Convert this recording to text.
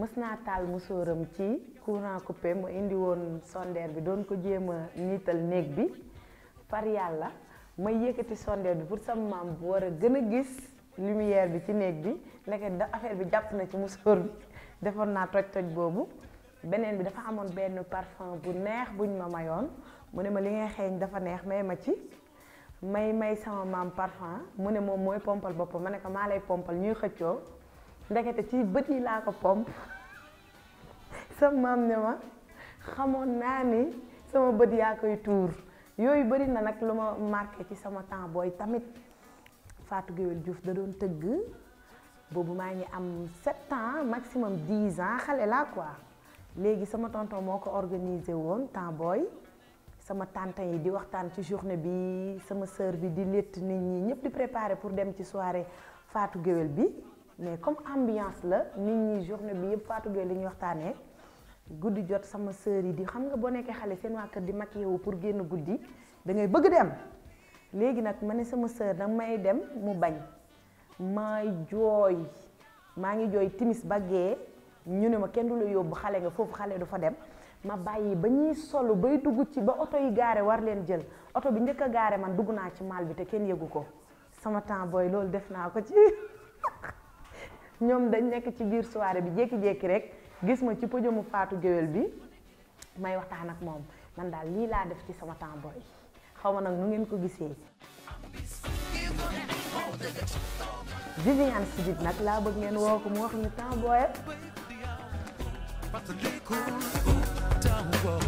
mës naa taal musóoram ci courant coupé ma indi woon sondeer bi doon ko jéem a niital néeg bi far yàlla may yëkkati sondeer bi pour sama maam bu war a gën a gis lumière bi ci néeg bi nekk da affaire bi jàpp na ci musóor bi defoon naa toj toj boobu beneen bi dafa amoon benn parfum bu neex buñ ma mayoon mu ne ma li ngay xeeñ dafa neex may ma ci may may sama maam parfum mu ne moom mooy pompal boppam ma ne ko maa lay pompal ñuy xëccoo ndekete ci bët yi laa ko pomp sama maam ne ma xamoon naa ni sama bët yaa koy tuur yooyu bëri na nag lu ma marqué ci sama temps booy tamit Fatou Gueye Diouf da doon tëgg boobu maa ngi am 7 ans maximum 10 ans xale laa quoi léegi sama tonton moo ko organisé woon temps booy sama tante yi di waxtaan ci journée bi sama sœur bi di létt nit ñi ñëpp di préparer pour dem ci soirée Fatou Gueye bi. mais comme ambiance la nit ñi journée bi yëpp Fatou Gueye la ñuy waxtaanee guddi jot sama sœur yi di xam nga boo nekkee xale seen waa kër di maquillé wu pour génn guddi da ngay bëgg dem léegi nag ma ne sama sœur nag may dem mu bañ may jooy maa ngi jooy timis ba gee ñu ne ma kenn du yóbbu xale nga foofu xale du fa dem ma bàyyi ba ñuy solu bay dugg ci ba oto yi gaare war leen jël oto bi njëkk a gaare man dugg naa ci mal bi te kenn yëgu ko sama temps booy loolu def naa ko ci. ñoom dañ nekk ci biir soire bi jékki-jékki rek gis ma ci pëjamu faatu géwél bi may waxtaan ak moom man daal lii laa def ci sama temps booy xaw ma nag nu ngeen ko gisee. Viviane Chidid nag laa bëgg ngeen woo ko mu wax ni temps booy.